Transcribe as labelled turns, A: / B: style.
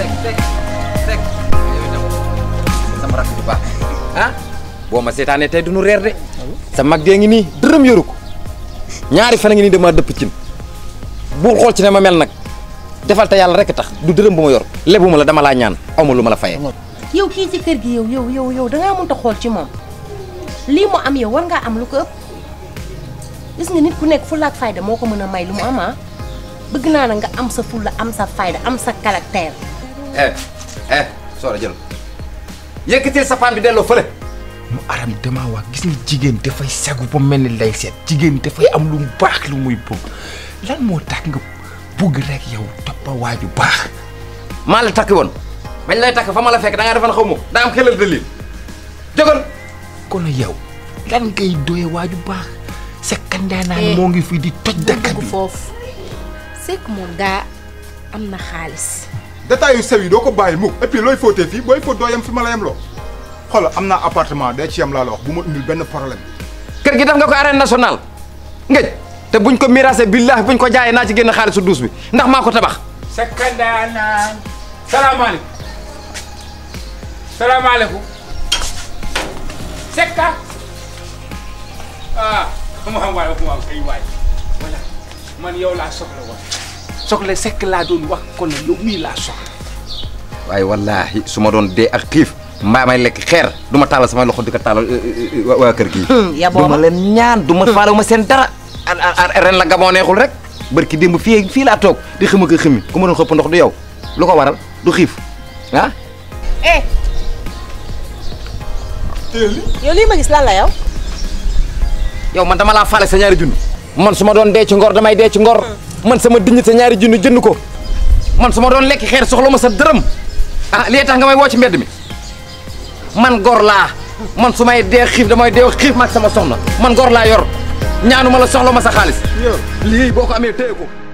A: cek cek cek sama ah boo ma seetaanee tey du nu reer de sa mag dee ngi nii dërëm yoru ko ñaari fan ngi nii dama dëpp cin bul xool ci ne ma mel nag defal te yàlla rek tax du dërëm bu ma yor lebuma la dama laa ñaan awma lu ma la de yow kii ci kër gi yow yow yow yow dangaa mënta xool ci moom lii mu am yow war ngaa am lu ko ëpp gis nga nit ku nekk fulla ak fayda moo ko a may lu mu am ah bëgg na nga am sa fulla am sa fayda am sa caractère eh eh soo jël yëkkatil sa paan bi delo fele mu aram dama wa gis nga jigéen dafay sagu ba mel ni lay jigen jigéen fay am lu bax lu muy bëgg lan mo tak nga bëgg rek yow topa waju bax maa la takk woon bañ lay tak fa ma la fekk da nga defal xawmu da am xelal dalil jógal. kon yow lan ngay doye waju bax sa kandana eh, mo ngi fi di toj. dakk bi foofu sekk moom daa amna xaliss détails yu sew yi doo ko bàyyi et puis looy fóotee fii booy fóot doo yem fi ma la yem loo xoolal am naa appartement day ci yem laa la wax bu ma indil benn problème kër gi def nga ko arène nationale ngëj te buñ ko mirasé billah buñ ko jaayee na ci génn xaalisu douce bi ndax tabax ko salam alaykum salam alaykum sekka ah xam xam waay wax waaw kay waay wala man yow la soxla waay soxla sekk laa doon wax ko yow mii laa soxla. waaye wallaahi su ma doon dee ak xiif mbaa may lekk xeer du ma taalal samay loxo di ko taalal euh, euh, waa kër gi hmm, yaboo ma leen ñaan du ma hmm. faale ma seen dara. ren la gabon neexul rek barki démb fii fii laa toog di xëm ak xëmi ku ma doon xëpp ndox du yow lu ko waral du xiif ah. eh. yow lii ma gis lan la yow. yow man dama laa faale sa ñaari junni. man su ma doon dee ci ngor damay dee ci ngor. Hmm. man sama sa ñaari junni jënd ko man su ma doon lekk xeer soxla ma sa dërëm ah lii tax nga may woo ci mbedd mi man gor laa man su may dee xiif damay dee xiif ma sama soxna man gor laa yor ñaanu ma la soxla ma sa xaalis. lii boo ko amee téye ko.